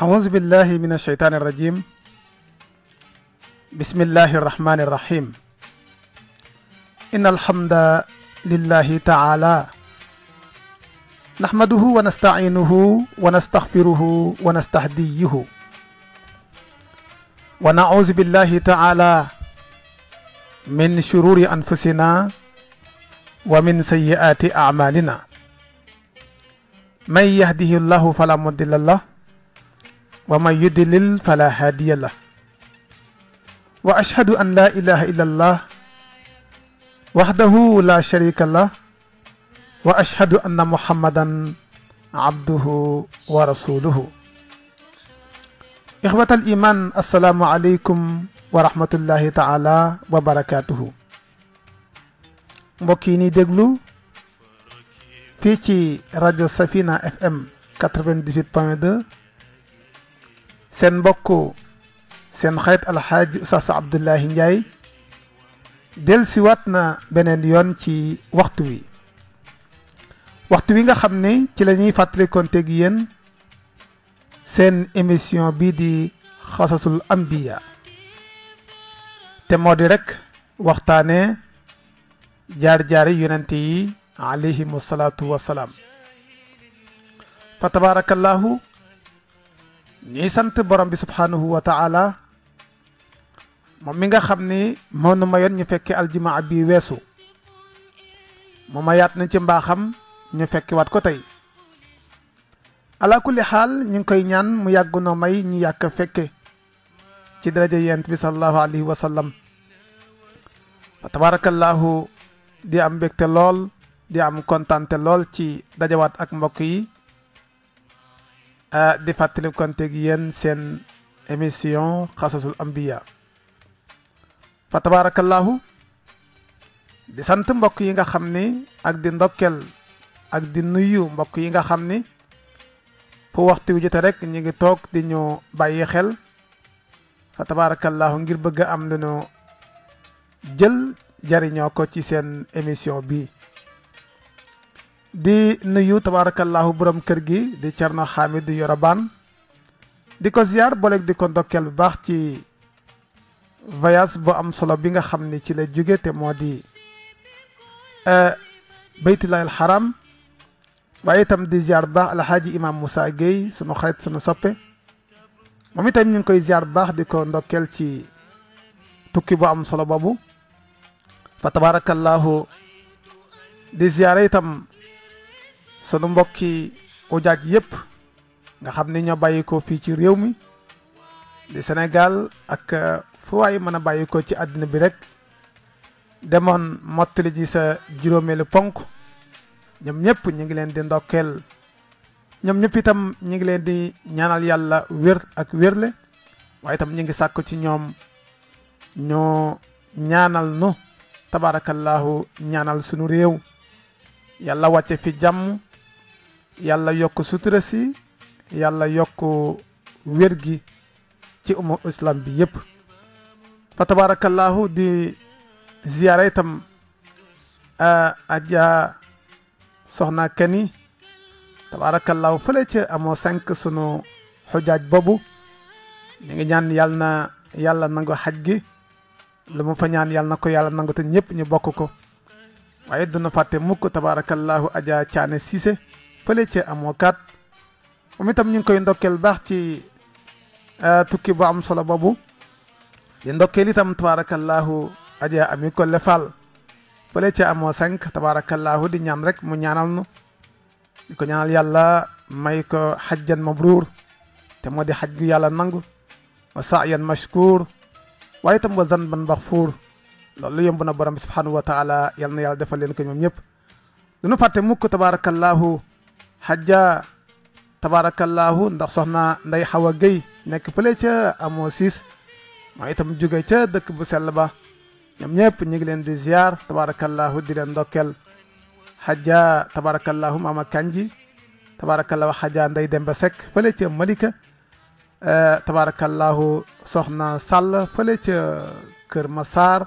أعوذ بالله من الشيطان الرجيم بسم الله الرحمن الرحيم إن الحمد لله تعالى نحمده ونستعينه ونستغفره ونستهديه ونعوذ بالله تعالى من شرور أنفسنا ومن سيئات أعمالنا من يهده الله فلا مضل له ومن يدلل فلا هادي له وأشهد أن لا إله إلا الله وحده لا شريك له وأشهد أن محمدا عبده ورسوله إخوة الإيمان السلام عليكم ورحمة الله تعالى وبركاته مكيني دغلو في déglu سفينة FM 98.2 seen mbokk seen xarit alxaaji Oustaz Abdoulaye Ndiaye del siwaat na beneen yoon ci waxtu wi waxtu wi nga xam ne ci lañuy ñuy fàttalikoonte gi yéen seen émission bii di xasasul ambiya te moo di rekk waxtaane jaar-jaari yonente yi alayhimu salaatu wasalaam ñuy sant borom bi subhanahu wa ta'ala mom mi nga xamni mo nu mayon ñu fekke aljimaa bi wessu mo mayat na ci mbaxam ñu fekke wat ko tay ala kulli hal ñu koy ñaan mu yag no may ñu yak fekke ci daraja yent bi sallallahu alayhi wa sallam tabarakallahu di am bekte lol di am contante lol ci dajawat ak mbok yi ah di fàttali ak yéen seen émission xasasul ambiya fa tabarakallahu di sant mbokk yi nga xam ni ak di ndokkel ak di nuyu mbokk yi nga xam ni fu waxtu wi rek ñi ngi toog di ñu bàyyi xel fa tabarakallahu ngir bëgg am lu ñu jël jariñoo ko ci seen émission bi di nuyu tabaarakallaahu borom kër gi di Thierno Hamid Yoro Bane di ko ziar booleeg di ko ndokkeel bu baax ci voyage bu am solo bi nga xam ni ci la jóge te moo di e, baytullaahil xaram waaye itam di ziar bu baax alxaaji imam Moussa Gueye sunu xarit sunu soppe moom itam ñu ngi koy ziar bu baax di ko ndokkeel ci tukki bu am solo boobu fa tabaarakallaahu di ziare itam sunu mbokki ujaaj yépp nga xam ni ñoo bàyyi fii ci réew mi di Sénégal ak euh, fu waay mën a bàyyi ci àddina bi rek demoon mottali ji sa juróomeelu ponk ñoom ñëpp ñu ngi leen di ndokkeel ñoom ñëpp itam ñu ngi leen di ñaanal yàlla wér ak wérle waaye itam ñu ngi sàkku ci ñoom ñoo ñaanal nu tabaarakallaahu ñaanal sunu réew yàlla wàcce fi jàmm yàlla yokk sutura si yàlla yokk wér gi ci umu islam bi yëpp fa tabarakallahu di ziyaara itam aja soxna keni tabarakallahu fële ca amoo cinq sunu xujaaj boobu ñu ngi ñaan yàlla na yàlla nangu xaj gi lu mu fa ñaan yàlla na ko yàlla nangu te ñëpp ñu bokk ko waaye duna fàtte mukk tabarakallahu aja caane siise Pelece ci amo kat momi tam ñu ngi koy ndokkel bax ci eh, tukki bu am solo bobu di ndokkel itam tabarakallah aja ami ko lefal fele ci amo sank tabarakallahu di ñaan rek mu ñaanal nu ko ñaanal yalla may ko hajjan mabrur te modi di gu nangu wa sa'yan mashkur way tam wa zanban baghfur lolu yomb na borom subhanahu wa taala yang na yàlla defal len ko ñom ñep dunu fatte mukk tabarakallahu Hadja tabaarakallaahu ndax soxna nday Xawa Guèye nekk fële ca amoo siis maa itam jóge ca dëkk bu sell ba ñoom ñëpp ñu ngi leen di ziar tabaarakallaahu di leen ndokkeel Hadja tabaarakallaahu maama Kanji tabaarakallaahu Hadja nday Demba Seck fële ca Malika eh, tabaarakallaahu soxna Sall fële ca Kër Massar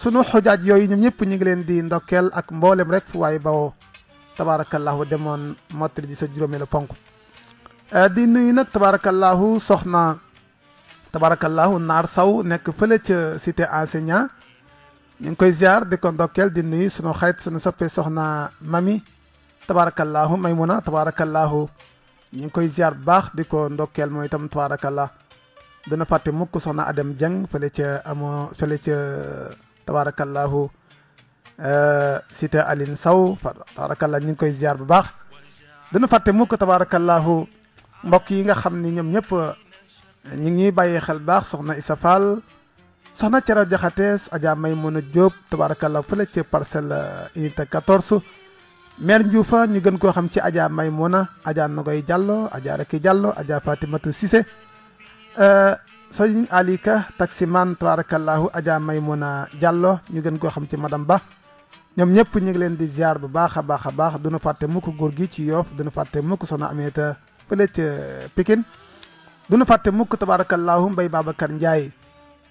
sunu xujaaj yooyu ñoom ñëpp ñu ngi leen di ndokkeel ak mboolem rek fu waaye bawoo. tabaarakallaahu demoon mottali ji sa juróomeelu ponk eh, di nuyu nag tabaarakallaahu soxna tabaarakallaahu naar saw nekk fële ca cité enseignant ñu koy ziar di ko ndokkeel di nuyu sunu xarit sunu soppee soxna mami tabaarakallaahu maymuna tabaarakallaahu ñu ngi koy ziar bu baax di ko ndokkeel mooy itam tabaarakallah dana fàtte mukk soxna Adem Dieng fële ca amoo fële ca tabaarakallaahu cité eh, Aline Sow fa tabarakallah ñu ngi koy ziar bu baax dana fàtte mukk tabarakallahu mbokk yi nga xam ni ñoom ñëpp eh, ñu ngi bàyyi xel baax soxna isa Fall soxna Cera Jaxate Adja Maymuna Diop tabarakallah fele ci parcelle eh, unité 14 mer Ndioufa ñu gën koo xam ci Adja Maymuna Adja nagoy jallo Adja Reki jallo Adja Fatimatu Cissé Soyin Alika taksiman tabarakallahu Adja aja Jallo, ñu gën koo xam ci madame Ba ñoom ñëpp ñu ngi leen di ziar bu baax a baax a baax duñu fàtte mukk góor gi ci yoof duñu fàtte mukk soxna Aminata fële ca Pikine duñu fàtte mukk tabaarakallaahu Mbay Babacar Ndiaye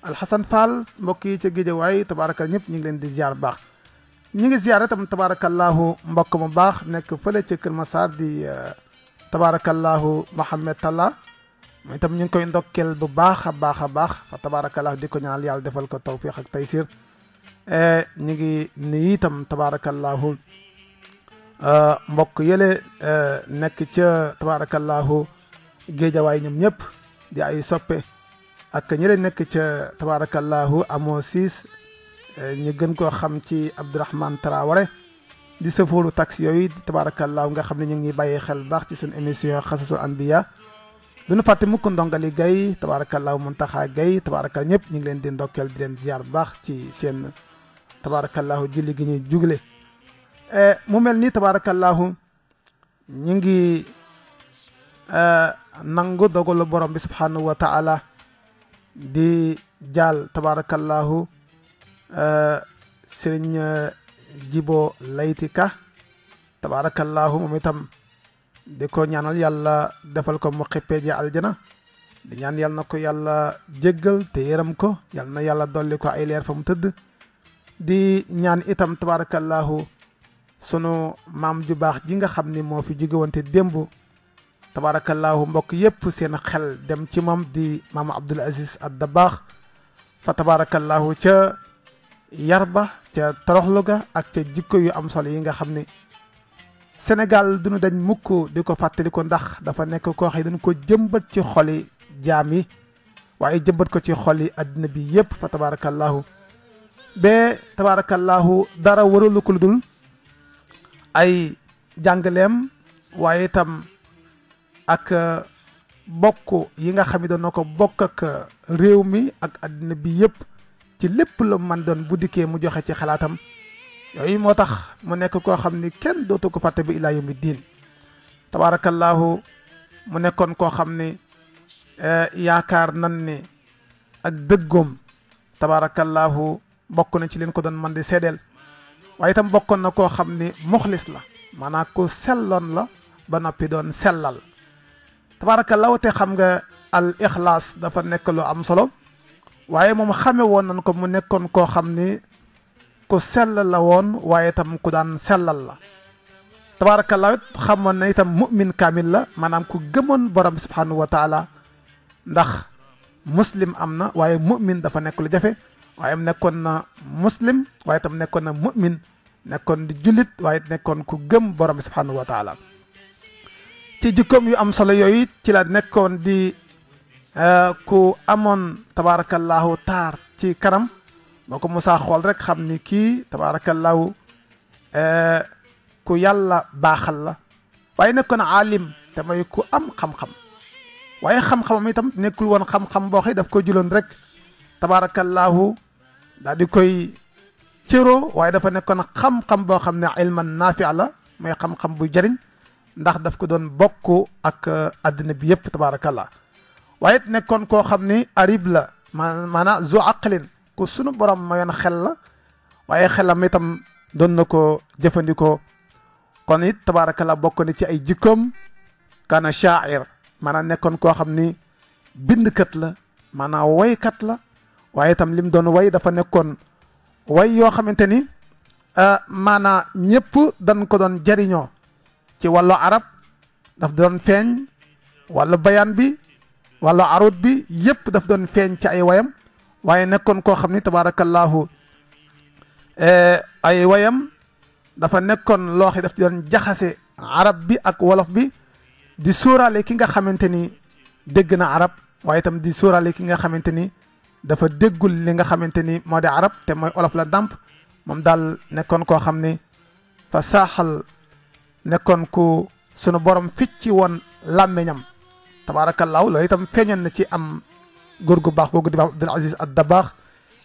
Alxasan Fall mbokk yi ca Géejawaay tabaarakal ñëpp ñu ngi leen di ziar bu baax ñu ngi ziar itam tabaarakallaahu mbokk mu baax nekk fële ci Kër Massar di euh, tabaarakallaahu Mohamed Talla mooy itam ñu ngi koy kel bu baax a baax a baax fa tabaarakallaahu di ko ñaanal yàlla defal ko tawfiq ak taysir E, ñu ngi ni itam tabaarakallahu e, mbokk yele e, nekk ca tabaarakallahu géejawaay ñoom ñëpp di ay soppe ak ñële nekk ca tabaarakallahu amoo siis ñu gën koo xam ci Abdourahmane Traoré di sëfooru taxi yooyu tabaarakallahu nga xam ne ñu ngi bàyyi xel baax ci suñu émission xasasul anbiya du ñu fàtte mukk ndongali gay tabaarakallahu muntaxaa gay tabaarakal ñëpp ñu ngi leen di ndokkeel di leen ziar bu baax ci seen tabaarakallaahu julli gi ñuy jugle eh, mu mel ni tabaarakallaahu ñu ngi eh, nangu dogalu borom bi subhaanahu wa taala di jaal tabaarakallaahu eh, sëriñ jibo laytika tabaarakallaahu moom itam di ko ñaanal yàlla defal ko mu xippee ji aljana di ñaan yàlla na ko yàlla jéggal te ko yàlla na yàlla dolli ko ay leer fa mu tëdd di ñaan itam tabarakallahu sunu maam ju baax ji nga xam ni moo fi jógewante démb tabarakallahu mbokk yépp seen xel dem ci moom di maam Abdul Aziz ad Dabaax fa tabarakallahu ca yarba ca toroxlu ga ak ca jikko yu am solo yi nga xam ni Sénégal duñu dañ mukk di ko fàttali ndax dafa nekk ko xam ne dañ ko jëmbat ci xoli jaam yi waaye jëmbat ko ci xoli àddina bi yépp fa tabarakallahu ba tabaarakallaahu dara waralu ko ay jàngaleem waaye itam ak uh, bokk yi nga xam ne doon na ko bokk ak uh, réew mi ak àddina bi yëpp ci lépp la man doon bu dikkee mu joxe ci xalaatam yooyu moo tax mu nekk koo xam ni kenn dootu ko fàtte bi ilaa yawmi diin tabaarakallaahu mu nekkoon koo xam ni uh, yaakaar nan ni ak dëggoom tabaarakallaahu bokk na ci leen ko doon man di seedeel waaye itam bokkoon na koo xam ni muxlis la maanaam ku selloon la ba noppi doon sellal tabaraka lawte xam nga al ixlaas dafa nekk am solo waaye moom xame woon nañ ko mu nekkoon koo xam ni ku sell la woon waaye itam ku daan sellal la tabaraka lawet xamoon na itam mu'min kaamil la maanaam ku gëmoon borom subhanahu wa taala ndax muslim am na waaye mu'min dafa nekk lu jafe waaye nekkoon na muslim waaye tam nekkoon na mu'min nekkoon di julit waaye nekkoon ku gëm borom bi subhaanahu ci jikkoom yu am solo yooyu ci la nekkoon di eh, ku amoon tabaarakallaahu taar ci kanam boo ko musaa xool rek xam ni kii tabaarakallaahu eh, ku yàlla baaxal la waaye nekkoon aalim te mooy ku am xam-xam waaye xam-xamam itam nekkul woon xam-xam boo daf ko jëloon rek tabaarakallaahu daal di koy cëroo waaye dafa nekkoon xam-xam boo xam ne ilman naafia la mooy xam-xam bu jëriñ ndax daf ko doon bokk ak àddina bi yëpp tabaarakallah waaye it nekkoon koo xam ni arib la ma maanaam zu aqlin ku sunu borom mayoon xel la waaye xelam itam doon na ko kon it tabaarakallah bokk na ci ay jikkoom kana sha'ir mana nekkoon koo xam ni bindkat la maanaam woykat la waaye itam lim doon way dafa nekkoon way yoo xamante ni ah, maanaa ñëpp dañ ko doon jariñoo ci wàllu arab daf doon feeñ wàllu bayaan bi wàllu arut bi yëpp daf doon feeñ ci ay wayam waaye nekkoon koo xam ni tabaarakallaahu eh, ay wayam dafa nekkoon loo xam daf doon jaxase arab bi ak wolof bi di sóoraale ki nga xamante ni dégg na arab waaye itam di sóoraale ki nga xamante ni dafa déggul li nga xamante ni moo de arab te mooy olof la dàmp moom daal nekkoon koo xam ni fa saaxal nekkoon ku sunu borom ficci woon làmmiñam tabaarakallaahu loolu itam feeñoon na ci am góor gu baax googu di baax Abdul Aziz ad Dabaax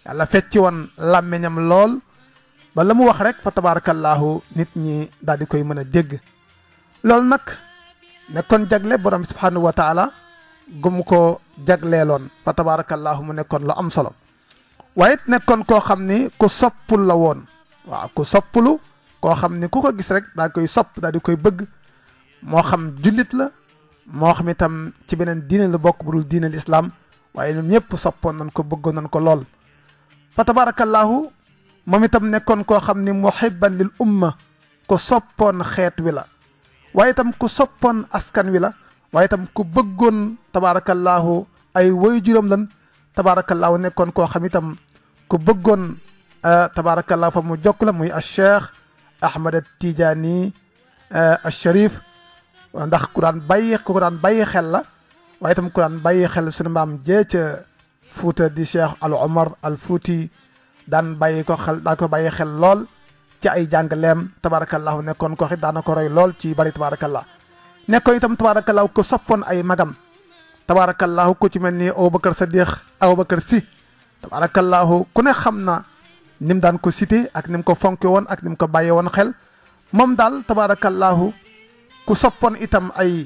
yàlla fecci woon làmmiñam lool ba mu wax rek fa tabaarakallaahu nit ñi daal di koy mën a dégg loolu nag nekkoon jagle borom subhaanahu wa taala gum ko jaglelon fa tabaarakallaahu mu nekkon lu am solo waaye nekkon ko xamni ku soppul la won wa ku soppulu ko xamni ku ko gis rek da koy sopp da di koy bëgg mo xam julit la mo xam itam ci benen diine la bokk bu diine l'islam waye ñoom ñëpp soppon nañ ko bëggon nañ ko lol fa tabaarakallaahu mom itam nekkon ko xamni muhibban lil umma ku soppon xet wi la waye itam ku soppon askan wi la waaye tam ku bëggoon tabaarakallaahu ay woy juróom lan tabaarakallaahu nekkoon koo xam itam ku bëggoon euh, tabaarakallaahu fa mu jokk la muy Cheikh Ahmed Tidiane euh, Cherif ndax ku daan bàyyi ku daan bàyyi xel la waaye itam ku daan bàyyi xel sunu maam jee ca Fuuta di Cheikh Al Omar Al Fuuti daan bàyyi ko xel daan ko bàyyi xel lool ca ay jàngaleem tabaarakallaahu nekkoon koo xit daana ko roy lool ci bari tabaarakallaahu nekkoon itam tabaarakallaahu ko soppoon ay magam tabaarakallaahu ku ci mel ni Aboubacar Sadiq Aboubacar Sy tabaarakallaahu ku ne xam na ni mu daan ko cité ak ni mu ko fonke woon ak ni ko bàyyee woon xel moom daal tabaarakallaahu ku soppoon itam ay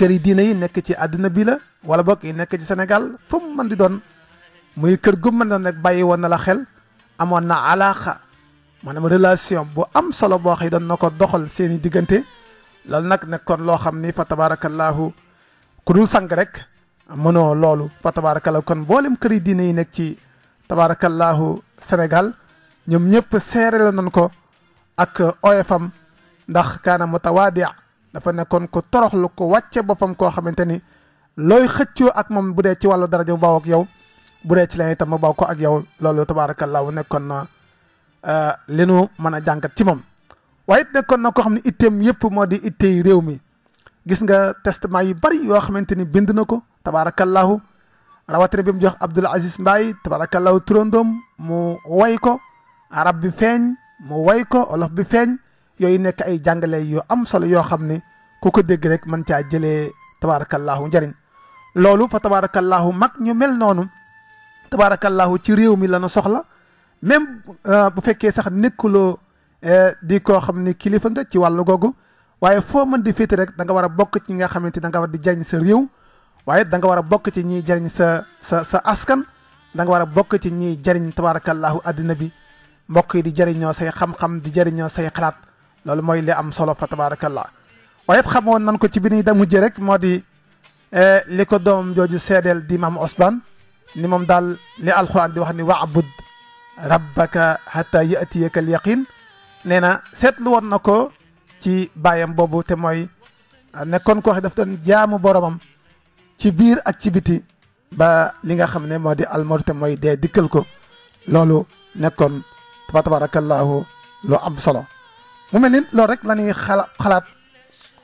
kër yi diine yi nekk ci àddina bi la wala bokk yi nekk ci senegal fu mu mën di doon muy kër gu mën na nag bàyyi woon na la xel amoon na alaaxa maanaam relation bu am solo boo xëy doon noo ko doxal seeni diggante loolu nag nekkoon loo xam ni fa tabaarakallaahu ku dul sang rek mënoo loolu fa tabaarakallaahu kon mboolem këri diine yi nekk ci tabaarakallaahu Sénégal ñoom ñëpp seere la nañ ko ak oyofam ndax kaana mutawaadi dafa nekkoon ko toroxlu ko wàcce boppam koo xamante ni looy xëccoo ak moom bu dee ci wàllu daraja mu baaw ak yow bu dee ci leen itam mu baaw ko ak yow loolu tabaarakallaahu nekkoon na euh, li nu mën a jàngat ci moom waaye it nekkoon na koo xam ne itteem yëpp moo di ittey réew mi gis nga testament yu bari yoo xamante ni bind na ko tabaarakallahu rawatina bi mu jox Abdoul Aziz Mbaye tabaarakallahu turandoom mu way ko arab bi feeñ mu way ko olof bi feeñ yooyu nekk ay jàngale yoo am solo yoo xam ne ku ko dégg rek mën caa jëlee tabaarakallahu njëriñ loolu fa tabaarakallahu mag ñu mel noonu tabaarakallahu ci réew mi la na soxla même euh, bu fekkee sax nekkuloo Eh, di koo xam ni kilifa nga ci wàllu googu waaye foo mën di féete rek danga nga war a bokk ci nga xamante da nga war di jariñ sa réew waaye danga nga war a bokk ci ñiy jariñ sa sa sa askan danga nga war a bokk ci ñiy jariñ tabaarakallaahu àddina bi mbokk yi di jariñoo say xam-xam di jariñoo say xalaat loolu mooy li am solo fa tabaarakallah waaye xamoon nan ko ci bi ni da mujje rek moo di eh, li ko doomam jooju seedeel di maam Osman ni moom daal li alquran di wax ni waabud rabbaka hatta yatiyaka al nee na seetlu woon na ko ci baayam boobu te mooy ah, nekkoon ko xam daf doon jaamu boromam ci biir ak ci biti ba li nga xam ne moo di almor te mooy dee dikkal ko loolu nekkoon fa tabarakallahu lu am solo mu mel ni loolu rek la ñuy xala xalaat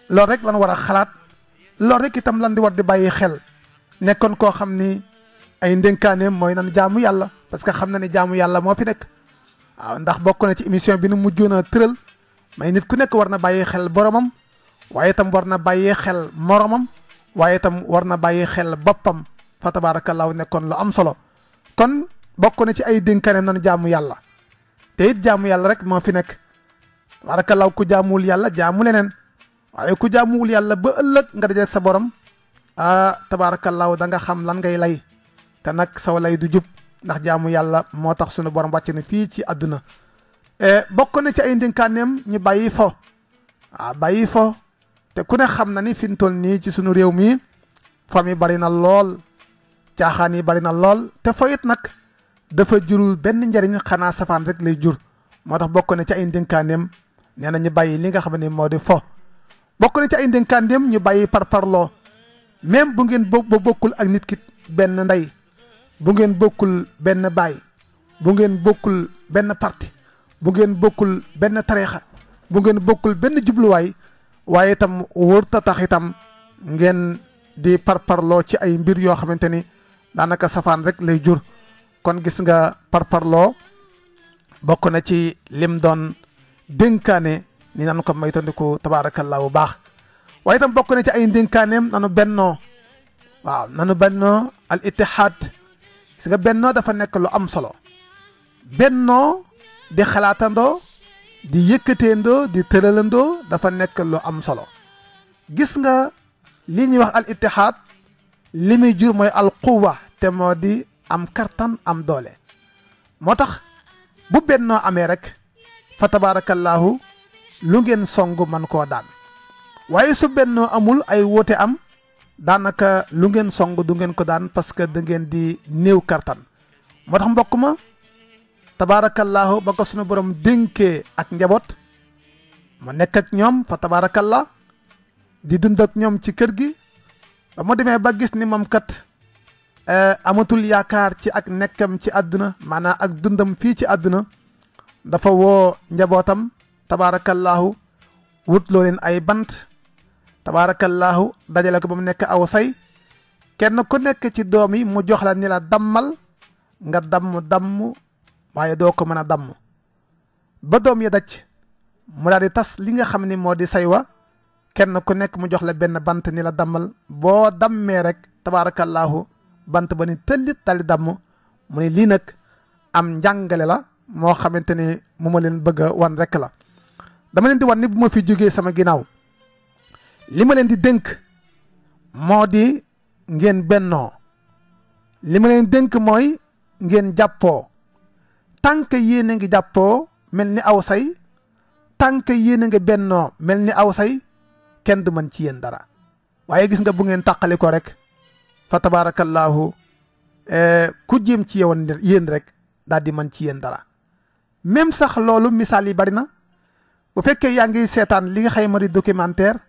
loolu rek lan war a xalaat loolu rek itam lan di war di bàyyi xel nekkoon koo xam ni ay ndénkaaneem mooy nan jaamu yàlla parce que xam na ne jaamu yàlla moo fi nekk waaw ndax bokk na ci émission bi nu mujjoon a tëral may nit ku nekk war na bàyyi xel boromam waaye itam war na bàyyi xel moromam waaye itam war na bàyyi xel boppam fa tabaarakallaahu nekkoon lu am solo kon bokkoon na ci ay dénkaane noonu jàmm yàlla te it jaamu yàlla rek moo fi nekk tabaarakallaahu ku jaamuwul yàlla jaamu leneen waaye ku jaamuwul yàlla ba ëllëg nga dajeeg sa borom ah tabaarakallaahu da nga xam lan ngay lay te nag saw lay du jub ndax jaamu yàlla moo tax sunu borom wàcc na fii ci àdduna e, bokk na ci ay ndénkaaneem ñu bàyyi fo waaw ah, bàyyi fo te ku ne xam na ni fi toll nii ci sunu réew mi fami bari na lool caaxaan yi bari na lool te fo it nag dafa jurul benn njariñ xanaa safaan rek lay jur moo tax bokk na ci ay ndénkaaneem nee na ñu bàyyi li nga xam ne moo di fo bokk na ci ay ndénkaaneem ñu bàyyi parparloo même bu ngeen bo bokkul ak nit ki benn ndey bu ngeen bokkul benn baay bu ngeen bokkul benn parti bu ngeen bokkul benn tareexa bu ngeen bokkul benn jubluwaay waaye itam wërta tax itam ngeen di parparloo ci ay mbir yoo xamante ni daanaka safaan rek lay jur kon gis nga parparloo bokk na ci lim doon dénkaane ni nanu ko maytandiku tabaarakallaa bu baax waaye itam bokk na ci ay dénkaaneem nanu bennoo waaw nanu bennoo al gis nga bennoo dafa nekk lu am solo bennoo di xalaatandoo di yëkkateendoo di tëralandoo dafa nekk lu am solo gis nga li ñuy wax al ittihaad li muy jur mooy al quwa te moo di am kartan am doole moo tax bu bennoo amee rek fa tabaarakallaahu lu ngeen song man koo daan waaye su bennoo amul ay woote am daanaka lu ngeen song du ngeen ko daan parce que da di néew kartan moo tax mbokk ma tabaarakallaahu ba ko sunu borom dénkee ak njaboot ma nekk ak ñoom fa tabaarakallah di dund ak ñoom ci kër gi ba ma demee ba gis ni moom kat eh, amatul yaakaar ci ak nekkam ci àdduna maanaam ak dundam fii ci àdduna dafa woo njabootam tabaarakallaahu wut loo leen ay bant tabaarakallaahu dajale ko ba mu nekk aw say kenn ku nekk ci doom yi mu jox la ni la dammal nga damm damm waaye doo ko mën a damm ba doom yi daj mu daal di tas li nga xam ni moo di say wa kenn ku nekk mu jox la benn bant ni la dammal boo dammee rek tabaarakallaahu bant ba ni tëllit daal di mu ni lii nag am njàngale la moo xamante ni mu ma leen bëgg a wan rek la dama leen di wan ni bu ma fi jógee sama ginnaaw li ma leen di dënk moo di ngeen bennoo li ma leen di dënk mooy ngeen jàppoo tànk yéen a ngi jàppoo mel ni aw say tànk yéen a ngi bennoo mel ni aw say kenn du mën ci yéen dara waaye gis nga bu ngeen tàqali ko rek fa tabaarakallaahu eh, ku jéem ci yowoon yéen rek daal di mën ci yéen dara même sax loolu misaal yi bari na bu fekkee yaa ngi seetaan li nga xayma di documentaire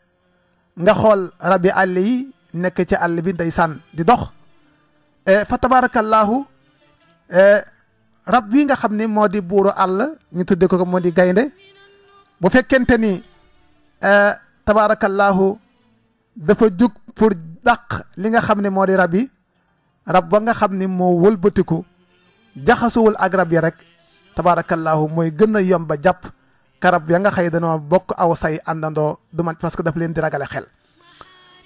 nga xool rab yi àll yi nekk ci àll bi sànn di dox eh, fa tabaarakallaahu eh, rab yi nga xam ni moo di buuru àll ñu tudde ko moo di gaynde bu fekkente ni eh, tabaarakallaahu dafa jug pour daq li nga xam ne moo di rab yi rab ba nga xam ni moo wëlbatiku jaxasuwul ak rab yi rek tabaarakallaahu mooy gën a yomb a jàpp karab ya nga xëy danoo bokk aw say àndandoo du man parce que daf leen di ragale xel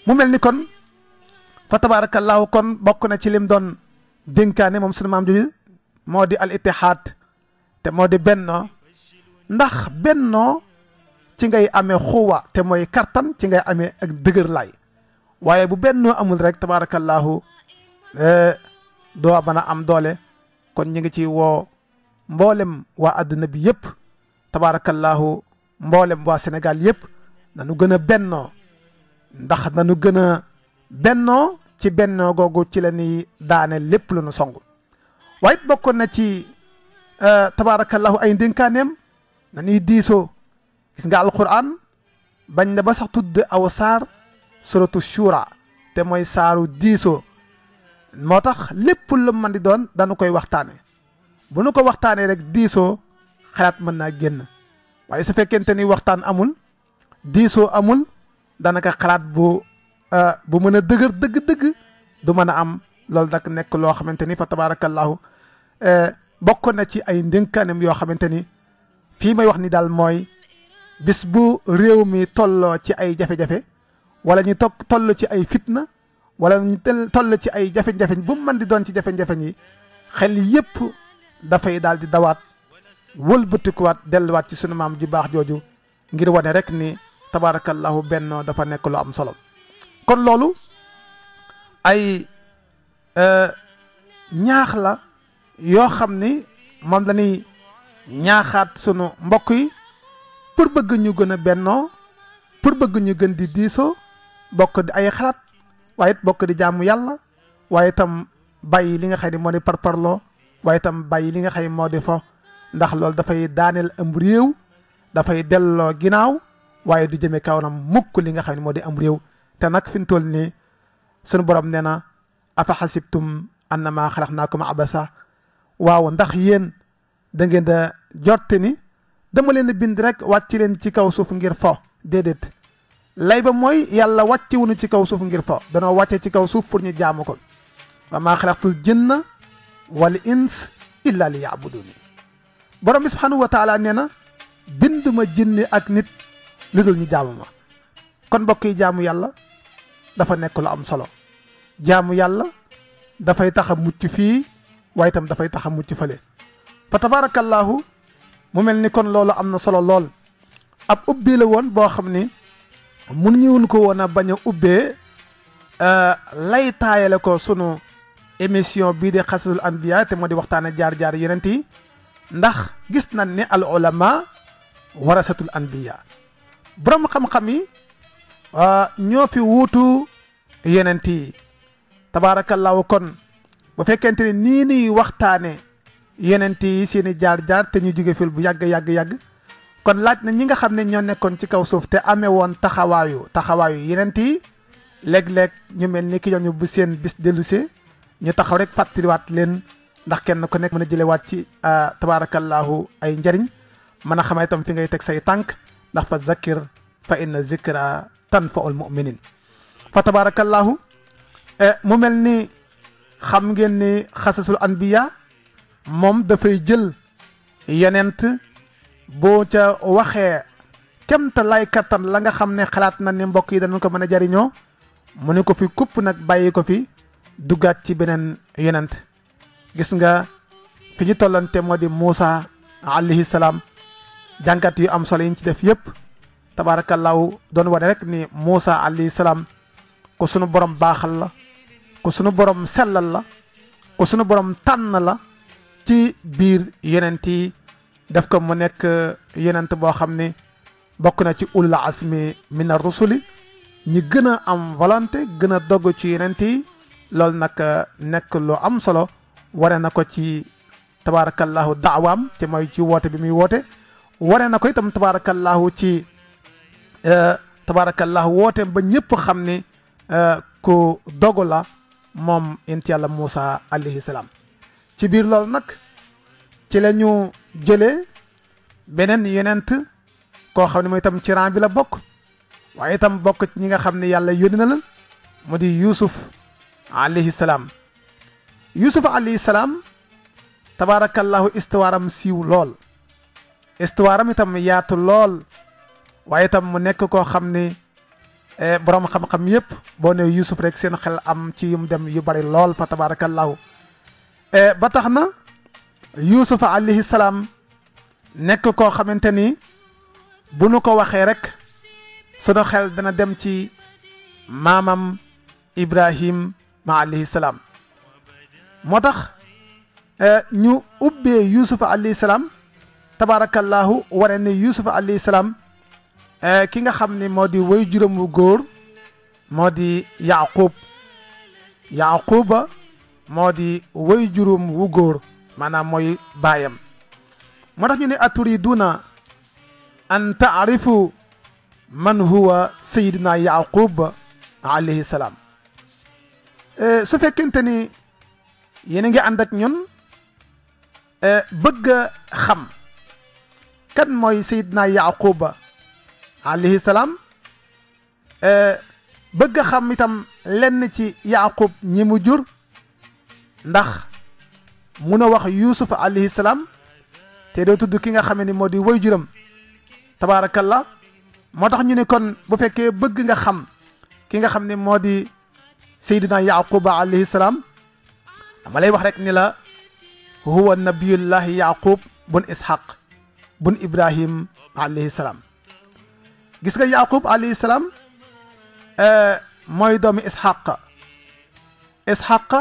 mu mel ni kon fa tabaarakallaahu kon bokk na ci lim doon dénkaane moom suñu maam ji moo di al ittihaad te moo di bennoo ndax bennoo ci ngay amee xuwa te mooy kartan ci ngay amee ak dëgër laay waaye bu bennoo amul rek tabaarakallaahu eh, doo mën a am doole kon ñu ngi ci woo mboolem waa àdduna bi yëpp tabaarakallaahu mboolem waa senegal yëpp nanu gën a bennoo ndax nanu gën a bennoo ci bennoo googu ci la ñuy daane lépp lu nu song waaye na ci euh, tabaarakallaahu ay ndénkaaneem nañuy diisoo gis nga alquran bañ na ba sax tudd aw saar suratu shura te mooy saaru diisoo moo tax lépp lu mën di doon dañu koy waxtaane bu nu ko waxtaanee rek diisoo xalaat mën naa génn waaye su fekkente ni waxtaan amul diisoo amul danaka xalaat bu euh, bu mën a dëgër dëgg-dëgg du mën a am loolu nag nekk loo xamante ni fa tabaarakallaahu euh, bokkoon na ci ay ndénkaanam yoo xamante ni fii may wax nii daal mooy bis bu réew mi tolloo ci ay jafe-jafe wala ñu toog toll ci ay fitna wala ñu toll ci ay jafe-jafe bu mu mën di doon ci jafe-jafe yi xel yépp dafay daal di dawaat wëlbatikuwaat delluwaat ci sunu maam ji baax jooju ngir wane rek ni tabarakallahu benno dafa nekk lu am solo kon loolu ay e, ñaax la yoo xam ni moom dañuy ñaaxaat sunu mbokk yi pour bëgg ñu gën a bennoo pour bëgg ñu gën di diisoo bokk di ay xalaat waaye it bokk di jaamu yàlla waaye itam bàyyi li nga moo di parparloo waaye itam li nga fo ndax loolu dafay daaneel am réew dafay delloo ginaaw waaye du jëmee kawanam mukk li nga xam ne moo di am réew te nag fi mu toll nii sunu borom nee na afa xasibtum annama xalaqnaakum abasa waaw ndax yéen da ngeen da jorte ni dama leen bind rek wàcc leen ci kaw suuf ngir fo déedéet lay ba mooy yàlla wunu ci kaw suuf ngir fo danoo wàcce ci kaw suuf pour ñu jaamu ko wa maa xalaqtul jinna wal ins illa li yaabuduni borom bi subhanahu wa taala nee na bind ma ak nit lu dul ñu jaamu ma kon mbokk yi jaamu yàlla dafa nekk lu am solo jaamu yàlla dafay tax a mucc fii waaye itam dafay tax a mucc fële fa tabaarakallaahu mu mel ni kon loolu am na solo lool ab ubbi la woon boo xam ni mun ñëwun ko woon a bañ a ubbee euh, lay taayale ko sunu émission bii di xasasul anbiya te moo di waxtaane jaar-jaar yonent yi ndax gis nañ ni al ulama warasatul anbiya borom xam-xam yi ah, ñoo fi wuutu yenent yi kon bu fekkente ne nii nuy waxtaane yenent yi seeni jaar-jaar te ñu jóge fil bu yàgg yàgg yàgg kon laaj na ñi nga xam ne ñoo nekkoon ci kaw suuf te amee woon taxawaayu taxawaayu yenent yi léeg-léeg ñu mel ni ki ñooñu bu seen bis dellusee ñu taxaw rek fàttaliwaat leen ndax kenn ku nekk mën a waat ci tabaarakallaahu ay njariñ mën a xamee itam fi ngay teg say tànk ndax fa zakir fa inna zikra tanfaul muminin fa tabaarakallaahu e, mu mel ni xam ngeen ni xasasul anbiya moom dafay jël yonent boo ca waxee kemta lay kattan la nga xam ne xalaat na ni mbokk yi danañ ko mën a jariñoo mu ne ko fi kupp nag bàyyi ko fi duggaat ci beneen yenent gis nga fi ñu tollante moo di Moussa alayhi salaam jàngat yu am solo yi ci def yëpp tabaarakallaahu doon wane rek ni Moussa alayhi salaam ku sunu borom baaxal la ku sunu borom sellal la ku sunu borom tànn la ci biir yenent yi def ko mu nekk yenent boo xam ni bokk na ci ulul azmi min ar-rusuli ñi gën a am volonté gën a dogg ci yenent yi loolu nag nekk loo am solo ware na ko ci tabaarakallaahu daawam te mooy ci woote bi muy woote ware na ko itam tabaarakallaahu ci eh, tabaarakallaahu wooteem ba ñëpp xam ni eh, ku dogu la moom inti yàlla Moussa alayhi salaam ci biir loolu nag ci la ñu jële beneen yonent koo xam ne mooy itam ci rang bi la bokk waaye itam bokk ñi nga xam ne yàlla yónni na la mu di Yuusuf alayhi salaam yusufa alayhi salaam tabaarakallaahu histoire am siiw lool histoire am itam yaatu lool waaye itam mu nekk koo xam ne eh, boroom xam-xam yëpp boo ne yusuf rek seen xel am ci yum dem yu bari lool fa tabaarakallaahu eh, ba tax na yusufa alayhi salaam nekk koo xamante ni bu nu ko waxee rek sunu xel dana dem ci maamam ibrahim ma alayhi salaam moo tax euh, ñu ubbee yusufa alayhi salaam tabaarakallaahu wane ne yusufa alayhi salaam euh, ki nga xam ni moo di way juróom wu góor moo di yaqub yaquba moo di way juróom wu góor maanaam mooy baayam moo tax ñu ne aturiduuna an taarifu man huwa sayidina yaqub alayhi salaam euh, fekkente ni yéen a ngi ànd ak ñun e, bëgg xam kan mooy Seydina Yaquba alayhi salaam e, bëgg xam itam lenn ci Yaqub ñi jur ndax mun a wax Yuusuf alayhi salaam te doo tudd ki nga xam ni moo di way juram tabaarakallah moo tax ñu ne kon bu fekkee bëgg nga xam ki nga xam ne moo di Seydina Yaquba alayhi salaam dama lay wax rek ni la huwa nabiyullahi yaqub bun ishaq bun ibrahim nga yaqub alayhi eh, mooy doomi ishaq ishaq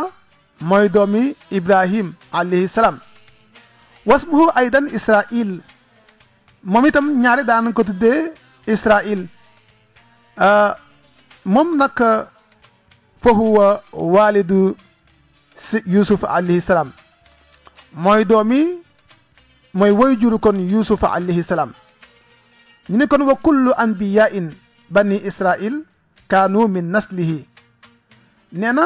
mooy doomi ibrahim alayhi salaam wasmuhu aydan israil moom itam ñaari daan ko si yuusuf alayhi salaam mooy doomi mooy woy jur kon yuusufa alayhi salaam ñu ne kon wa kullu anbiyain bani israil kaanu min naslihi nee na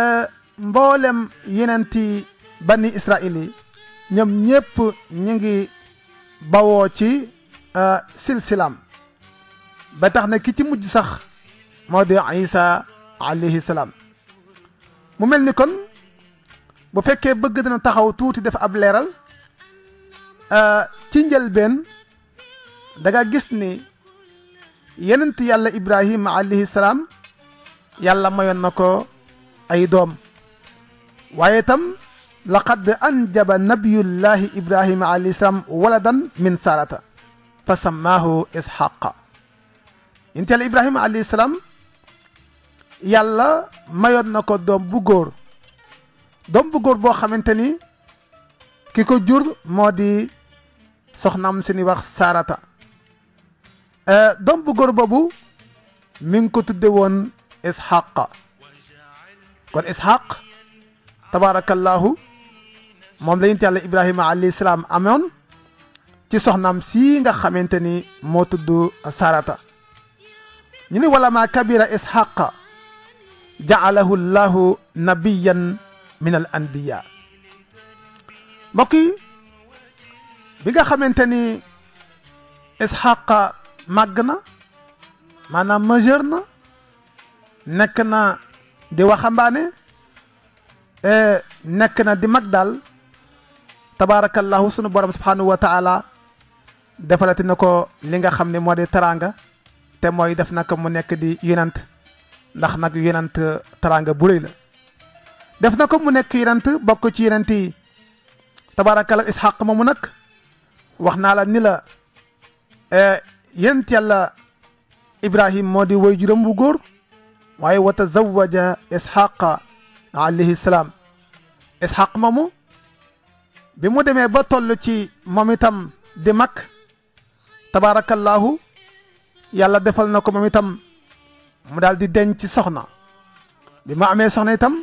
e, mboolem yenenti bani israil yi ñoom ñépp ñu ngi bawoo ci e, silsilaam ba na ki ci mujj sax moo di isa alayhi salaam mu mel ni kon bu fekkee bëgg dina taxaw tuuti def ab leeral ci njëlbeen da nga gis ni yenent yàlla ibrahim alayhi salaam yàlla mayoon na ko ay doom waaye tam laqad anjaba nabiyullahi ibrahima alayhi salaam waladan min sarata fa sammaahu ishaqa yenent yàlla ibrahima alayhi salaam yàlla mayoon na ko doom bu góor doom bu góor boo xamante ni ki ko jur moo di soxnaam si ni wax Sarata eh, doom bu góor boobu mi ngi ko tudde woon Isxaqa kon Isxaq tabaarakallaahu moom la yonent yàlla Ibrahima alayhi salaam amoon ci soxnam sii nga xamante ni moo tudd Sarata ñu wala ma kabira Isxaqa jaalahu llahu nabiyan min al anbiya mbokk yi bi nga xamante ni isxaqa màgg na maanaam majeur na nekk na di waxambaane e, nekk na di mag daal tabaarakallahu sunu borom subhaanahu wa taala defalati na ko li nga xam ne moo di teraanga te mooy def na ko mu nekk di yonent ndax nag yonent taraanga bu rëy la def na ko mu nekk yonent bokk ci yonent yi tabaarakala Isxaq moomu nag wax naa la ni la e, yonent yàlla Ibrahim moo di woy juram bu góor waaye wa tazawaja Isxaqa alayhi salaam Isxaq moomu bi mu demee ba toll ci moom itam di mag tabaarakallaahu yàlla defal na ko moom itam. mu daal di deñ ci soxna bi ma amee soxna itam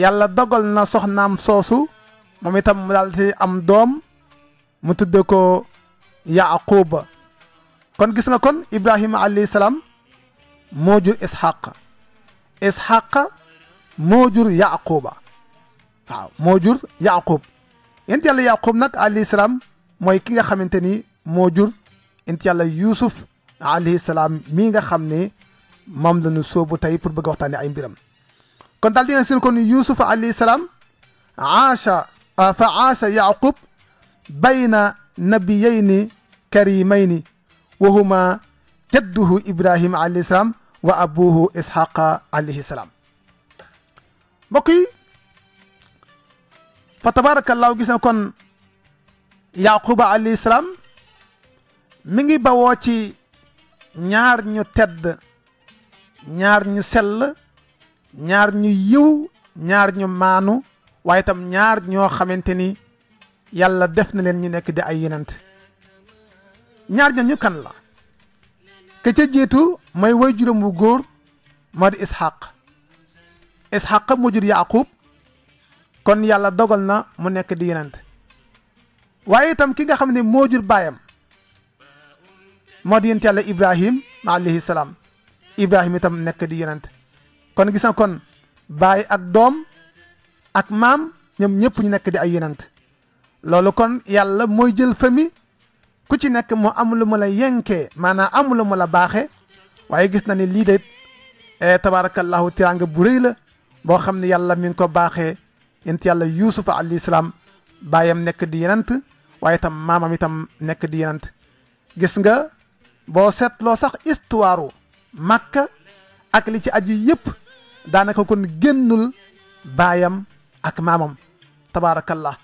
yàlla dogal na soxnaam soosu moom itam mu daal di am doom mu tudde ko yaquba kon gis nga kon ibrahima alayhi salaam moo jur isxaq isxaq moo jur yaquba waaw moo jur yaqub yent yàlla yaqub nag alayhi salaam mooy ki nga xamante ni moo jur yent yàlla yuusuf alayhi salaam mii nga xam ne moom la ñu sóobu tey pour bëgg waxtaanee ay mbiram kon daal di nga seen kon yuusufa alayhi salaam ah, fa aasha yaqub bayna nabiyayni karimayni wa huma jadduhu ibrahima alayhi wa abuhu ishaqa alayhi salaam fa tabaarakallaahu gis kon yaquba alayhi salaam mi ngi bawoo ci ñaar ñu tedd ñaar ñu sell ñaar ñu yiw ñaar ñu maanu waaye itam ñaar ñoo xamante ni yàlla def na leen ñu nekk di ay yenant ñaar ña ñu kan la ke ca jiitu mooy way juróom wu góor moo di isxaq isxaq mu jur yaqub kon yàlla dogal na mu nekk di yenant waaye itam ki nga xam ne moo jur baayam moo di yent yàlla ibrahim alayhi salaam ibrahima itam nekk di yenant kon gis na kon baay ak doom ak maam ñoom ñu nekk di ay yenant loolu kon yàlla mooy jël famille ku ci nekk moo amula lu mu la yenkee maanaam amula lu mu la baaxee waaye gis na ni lii de eh, tabaarakallaahu tiraanga bu rëy la boo xam ne yàlla mi ngi ko baaxee yent yàlla yuusufa alayhi salaam baayam nekk di yenant waaye itam maamam itam nekk di yonent gis nga boo seetloo sax histoire màkka ak li ci aju yëpp daanaka kon génnul baayam ak maamam tabaarakallah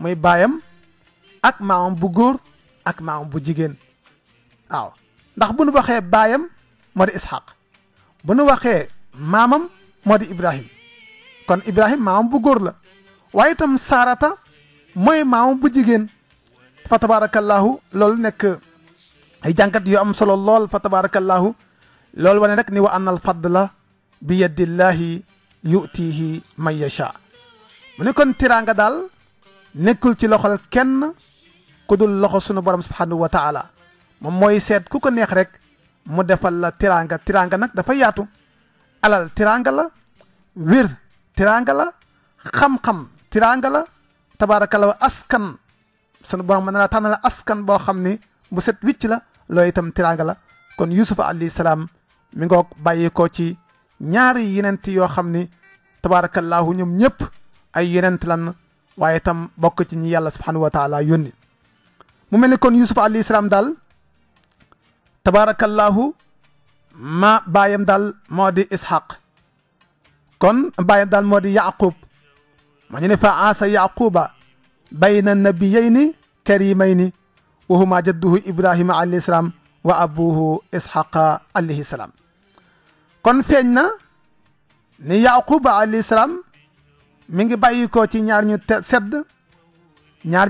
muy baayam ak maamam bu góor ak maamam bu jigéen waaw ndax bu nu waxee baayam moo di Isxaq bu nu waxee maamam moo di Ibrahim kon Ibrahim maamam bu góor la waaye itam Saarata mooy maamam bu jigéen fa tabaarakallahu lool nekk ay jàngat yu am solo lool fa tabaarakallahu loolu wane nag ni wa anna al fadla bi yadillahi yutihi man yacha mu ne kon tiraanga daal nekkul ci loxol kenn ku dul loxo sunu borom subhanahu wa taala moom mooy seet ku ko neex rek mu defal la tiraanga tiraanga nag dafa yaatu alal tiraanga la wir tiraanga la xam-xam tiraanga la tabaarakalaw askan sunu borom mën na la askan boo xam ni bu set wicc la loolu itam tiraanga la kon Yuusuf alayhi salaam mi ngoog bàyyi ko ci ñaari yenent yoo xam ni tabaarakallaahu ñoom ñëpp ay yenent lan waaye itam bokk ci ñi yàlla subhanahu wa taala yónni mu mel ni kon yusuf alayhi salaam daal tabaarakallaahu ma baayam daal moo di ishaq kon baayam daal moo di yaqub ma ñu ne fa aasa yaquba bayna nabiyayni karimayni wa huma jadduhu ibrahima alayhi salaam wa abuhu ishaqa alayhi salaam kon feeñ na ni yaquba alayhi salaam mi ngi bàyyi ko ci ñaar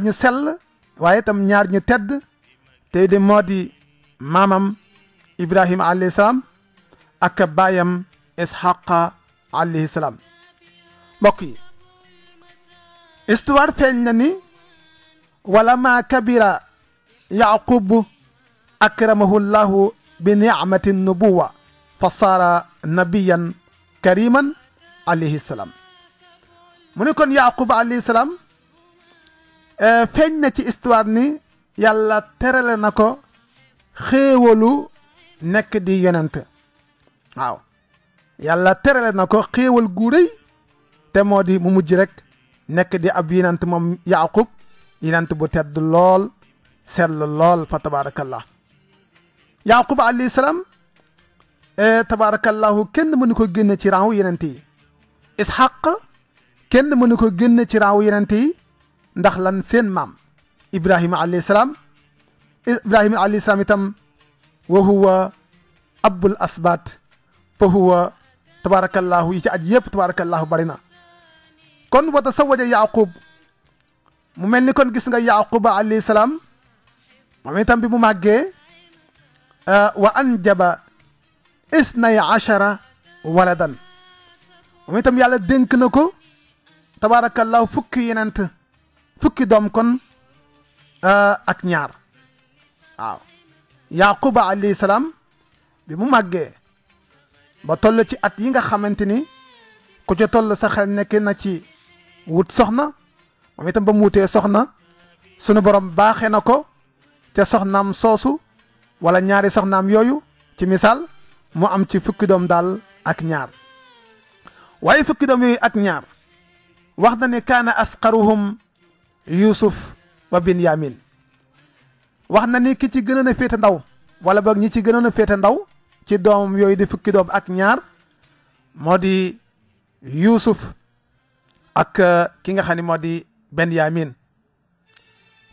ñu sedd waaye tam ñaar ñu tedd tey di moo di maamam ibrahima alayhi salaam ak baayam ishaqa alayhi salaam mbokk yi feeñ na ni wala ma kabira yaqubu akramahu llahu bi niamati nubuwa fa saara nabiyan kariman alayhi salaam mu ne kon yaaquba alayhi salaam e, feeñ na ci histoire ni yàlla terale na ko xéewalu nekk di yonent waaw yàlla terale na ko xéewal gu te moo di mu mujj rek nekk di ab yonent moom yaaqub yonent bu tedd lool sell lool fa tabaarakallah yaaqub alayhi salaam Eh, tabaarakallaahu kenn mënu ko génne ci raaw yenent yi kenn kenn mënu ko génne ci raaw yenent yi ndax lan seen maam ibrahima alayhi salaam ibrahima alayhi salaam itam wa huwa abul asbaat fa huwa tabaarakallaahu yi ci aj yëpp tabaarakallaahu bari na kon wa tasawaja yaqub mu mel ni kon gis nga yaquba alayhi salaam moom itam bi mu màggee eh, wa anjaba isnay achara waladan moom itam yàlla dénk na ko tabaarakallaahu fukki yenent fukki doom kon euh, ak ñaar waaw yaquba alayhi salaam bi mu màggee ba toll ci at yi nga xamante ni ku ca toll sa xel nekk na ci wut soxna moom itam ba mu wutee soxna sunu borom baaxee na ko te soxnaam soosu wala ñaari soxnaam yooyu ci misaal mu am ci fukki dom dal ak ñaar waaye fukki dom yi ak ñaar wax na ne kana asqaruhum yusuf wa Yamin. wax na ni ki ci gëna na fete ndaw wala bok ñi ci gëna na fete ndaw ci dom yoy di fukki dom ak ñaar modi yusuf ak uh, ki nga xani modi ben yamin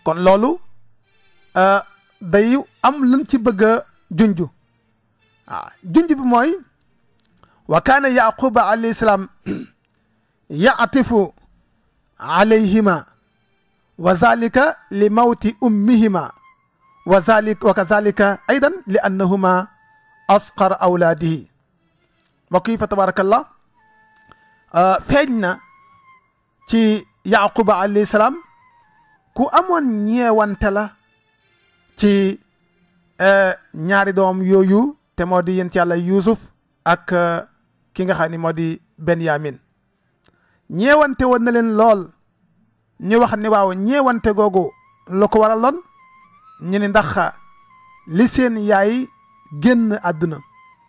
kon kon euh day am luñ ci bëgg junju waaw ah, junj bi mooy wa kaana yaquba alayhi salaam yaatifu alayhima wa zalika li mawti ummihima wa zalik wa kazalika aydan li annahuma asqar awlaadihi mbokk yi fa tabarakallah ah, feeñ na ci yaquba alayhi salaam ku amoon ñeewante la ci eh, ñaari doom yooyu te moo di yent yàlla yuusuf ak euh, ki nga xam ni moo di benyamin ñeewante woon na leen lool ñu wax ni waaw ñeewante googu lu ko waraloon ñu ni ndax euh, li seen yaay génn àdduna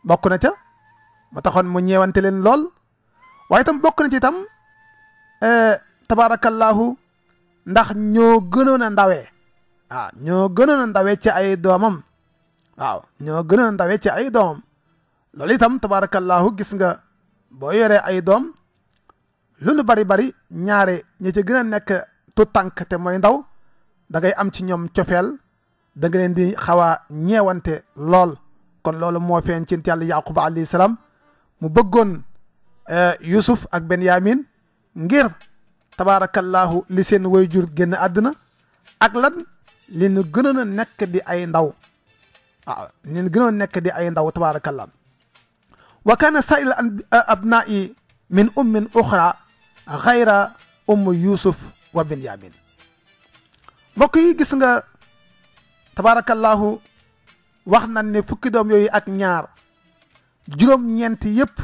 bokk na ca ma taxoon mu ñeewante leen lool waaye itam bokk na ci itam euh, tabaarakallaahu ndax ñoo gënoon a ndawee ah ñoo gënoon a ndawee ci ay doomam waaw ñoo gën a ndawe ci ay doom loolu itam tabaarakallaahu gis nga boo yoree ay doom lu lu bari bari ñaare ñi ci gën a nekk tu tànk te mooy ndaw da am ci ñoom cofeel da nga leen di xaw a ñeewante lool kon loolu moo feeñ ci yàlla yaquba alayhi salaam mu bëggoon eh, yusuf ak benyamin ngir tabaarakallaahu li seen way jur génn àddina ak lan li nu gënoon a nekk di ay ndaw waaw ah, ñun gënoon nekk di ay ndaw tabaarakallah wa kaana saa'il abnaa'i min ummin uxra xayra umm yusuf wa binyamin mbokk yi gis nga tabaarakallahu wax nañ ne fukki doom yooyu ak ñaar juróom-ñeent yépp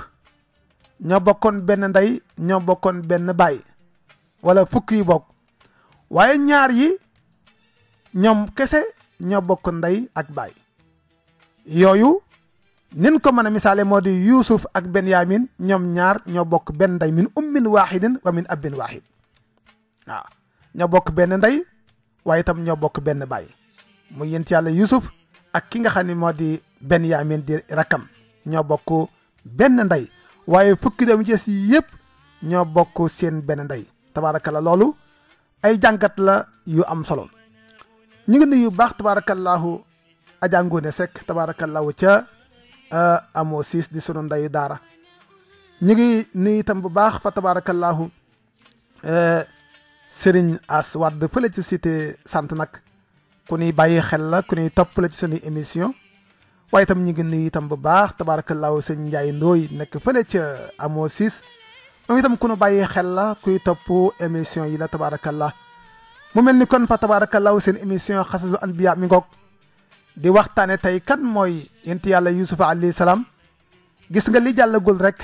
ñoo bokkoon benn ndey ñoo bokkoon benn baay wala fukk yi bokk waaye ñaar yi ñoom kese ñoo bokk ndey ak baay yooyu nin ko mën a misaale moo di yuusuf ak benyamin ñoom ñaar ñoo bokk benn ndey min ummin waaxidin wa min abbin waaxid waaw ñoo bokk benn ndey waaye itam ñoo bokk benn baay mu yent yàlla yuusuf ak ki nga xam ne moo di benyamin di rakkam ñoo bokk benn ndey waaye fukki doom jees yi yëpp ñoo bokk seen benn ndey tabaarakalla loolu ay jàngat la yu am solo ñu ngi nuyu baax tabaarakallaahu Adja Ngoné Seck tabaarakallaahu ca amoo siis di sunu ndeyu daara ñu ngi nuyu itam bu baax fa tabaarakallaahu e, Serigne As Wade fële ci cité sant nag ku ñuy bàyyi xel la ku ñuy topp la ci suñuy émission waaye itam ñu ngi nuyu itam bu baax tabaarakallaahu sëñ Ndiaye Ndoye nekk fële ca amoo siis moom itam ku nu bàyyi xel la kuy topp émission yi la tabaarakallah mu mel ni kon fa tabaarakallah seen émission xasasul anbiya mi ngoog di waxtaane tey kan mooy yent yàlla yuusufa alayhi salaam gis nga li jàllagul rek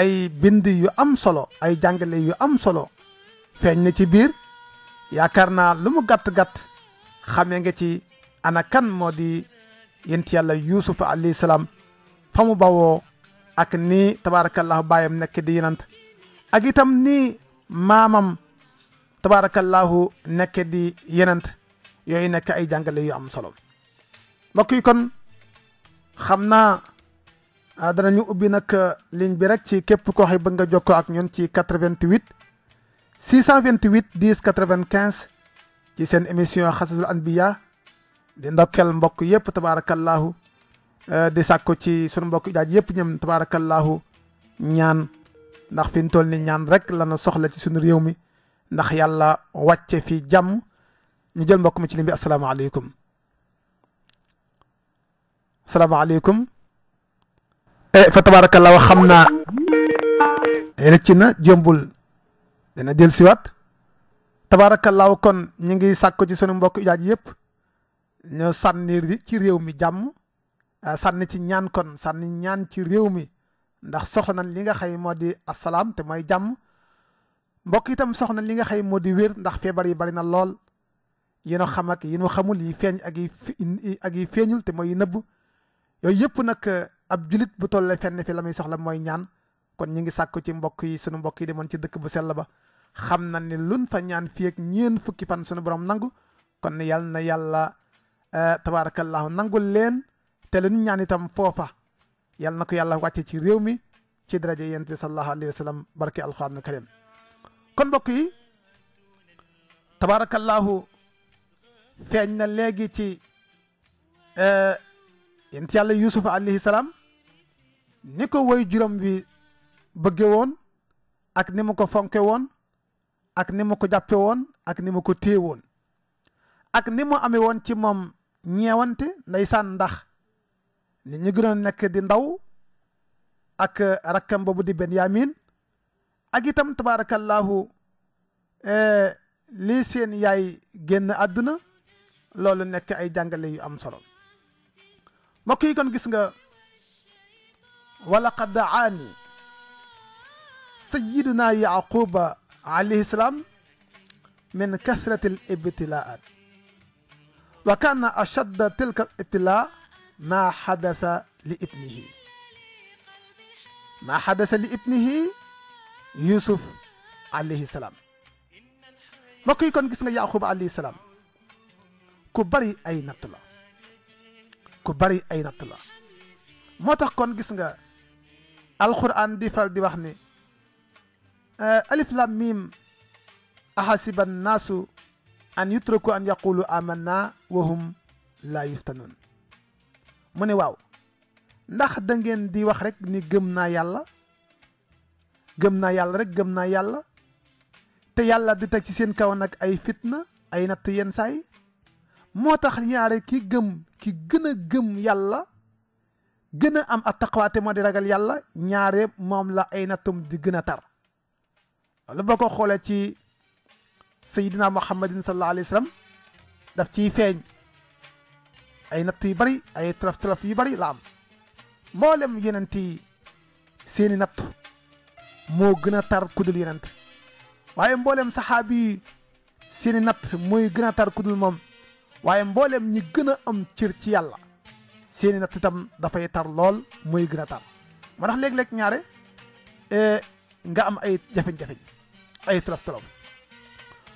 ay bind yu am solo ay jàngale yu am solo feeñ na ci biir yaakaar naa lu mu gàtt-gàtt xamee nga ci ana kan moo di yent yàlla yuusufa alayhi salaam fa mu bawoo ak ni tabaarakallahu baayam nekk di yenant ak itam ni maamam tabaarakallahu nekk di yenant yooyu nekk ay jàngale yu am solo mbokk yi kon xam naa ah, danañu ubbi nag euh, ligne bi rek ci képp koo xëy bëgg nga jokkoo ak ñun ci 88 628 10 95 ci seen émission xasasul anbiya di ndokkel mbokk yépp tabarakallahu euh, di sàkku ci sunu mbokk jaaj yépp ñëm tabarakallahu ñaan ndax fi toll ni ñaan rek lana soxla ci sunu réew mi ndax yàlla wàcce fi jàmm ñu jël mbokk mi ci limbi bi asalaamaaleykum salaamaaleykum eh fa tabarakallah xamna ene eh, ci na jombul dina del wat tabarakallah kon ñi ngi sakku ci sunu mbokk ijaaj yépp ñoo di ci rew mi jamm eh, san ci ñaan kon san ñaan ci rew mi ndax soxla nañ li nga xey modi di te moy jamm mbokk itam soxna li nga xey modi di ndax febar yi bari na lool yéen xam ak yéen xamul yi feñ ak yi ak yi feñul te moy neub yooyu yëpp nag eh, ab julit bu tollee fenn fi la muy la mooy ñaan kon ñi ngi sàkku ci mbokk yi sunu mbokk yi demoon ci dëkk bu sella ba xam na ne luñ fa ñaan fii ak ñeen fukki fan sunu borom nangu kon yal na yàlla eh, tabaarakallaahu nangu leen te lu ñaani tam itam foofa yal na ko yàlla wàcce ci réew mi ci daraje yent bi sallallahu alayhi wa sallam barke alxuraanu karim kon mbokk yi tabaarakallaahu feeñ na léegi ci eh, yent yàlla yuusufa alayhi salaam ni ko woy juróom bi bëgge woon ak ni mu ko fonke woon ak ni mu ko jàppe woon ak ni mu ko téye woon ak ni mu amee woon ci moom ñeewante ndeysaan ndax nit ñu gënoon nekk di ndaw ak rakkam boobu di Benyamin ak itam tabaarakallaahu eh, lii seen yaay génn àdduna loolu nekk ay jàngale yu am solo mbokk yi kon gis nga wala qad daani sayiduna yaquba alayhi salaam min kathrati al ibtilaat wa kana ashadda tilka al ibtilaa ma xadasa li ibnihi ma xadasa li ibnihi yusuf alayhi salaam mbokk yi kon gis nga yaquba alayhi salaam ku bari ay natt la ku bari ay natt la moo tax kon gis nga alquran di faral di wax ni eh, alif lam mim ahasiba nasu an yutraku an yaqulu amanna wa hum la yuftanun mu ne waaw ndax da ngeen di wax rek ni gëm naa yàlla gëm naa yàlla rek gëm naa yàlla te yàlla di teg ci seen kaw nag ay fitna ay natt yenn moo tax ñaare ki gëm ki gën a gëm yàlla gën a am ak taqwaate moo di ragal yàlla ñaare moom la ay nattum di gën a tar loolu boo ko xoolee ci sayidina muhammadin sallallahu alayhi wa sallam daf ciy feeñ ay natt yu bari ay tolof tolof yu bari laam am mboolem yenent yi seeni natt moo gën a tar kudul yenent waaye mboolem saxaabi yi seeni natt mooy gën a tar kudul moom waaye mbooleem ñi gën a am cër ci yàlla seeni natt itam dafay tar lool mooy gën a tar moo tax léeg-léeg ñaare e, nga am ay jafeñ-jafeñ ay tolof-tolof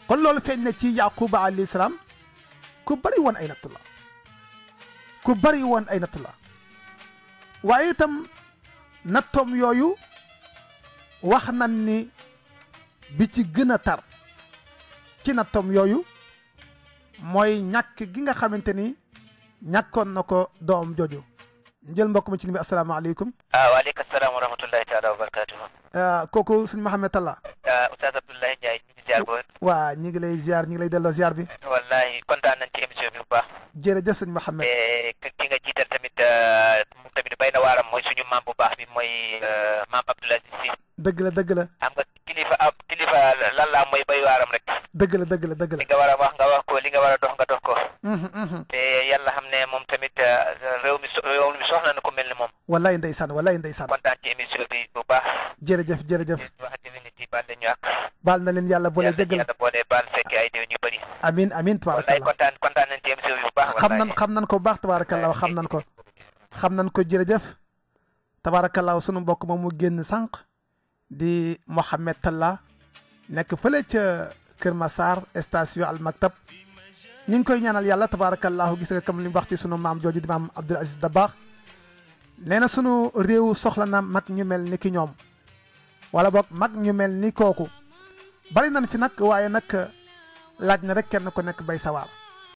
kon lool feeñ na ci yaquba alayhi salaam ku bari woon ay nattu la ku bari woon ay nattu la waaye tam nattoom yooyu wax nan ni bi ci gën a tar ci nattoom yooyu mooy ñàkk gi nga xamante ni ñàkkoon na ko doom jooju jël mbokk mi ci bi asalaamaaleykum ah waaleykum salaam wa rahmatullahi taala wa barakaatuhu ah, kooku sëñ Mouhamed Talla ah, Oustaz Abdoulaye Ndiaye ñu ngi ziar waa ñi ngi lay ziar ñi ngi lay delloo ziar bi wallahi kontaan nañ ci émission bi bu baax jërëjëf sëñ Mouhamed eh, ki nga jiital tamit ah, moom tamit bay na waaram mooy suñu maam bu baax bi mooy maam Abdoulaye Sy dëgg la dëgg la. xam nga kilifa ab kilifa lan laa mooy bay waaram rek. dëgg la dëgg la dëgg la. li nga war a wax nga wax ko li nga war a dox nga dox ko. Mhm, mhm. te yàlla xam ne moom tamit euh, réew mi so soxla na ko mel ni moom. wallaay ndeysaan wallaay ndeysaan. kontaan ci émission bi bu baax. jërëjëf jërëjëf. wax dëgg nit yi na ñu ak. baal na leen yàlla boole jëggal yàlla boole baal fekk ay déw ñu bëri. amiin amiin tabaarakallah wallaay kontaan kontaan nañ ci émission bi bu xam nan ko baax tabaarakallah xam nan ko. xam nan ko jërëjëf tabaarakallah sunu mbokk moom mu génn sànq di Mohamed Talla nekk fële ca Kër masaar station Al Maktab ñu ngi koy ñaanal yàlla tabaarakallaahu gis nga comme li mu wax ci sunu maam jooju di maam Abdul Aziz Dabakh nee na sunu réew soxla na mag ñu mel ni ki ñoom wala boog mag ñu mel ni kooku bari nañ fi nag waaye nag laaj na rek kenn ku nekk bay sawaar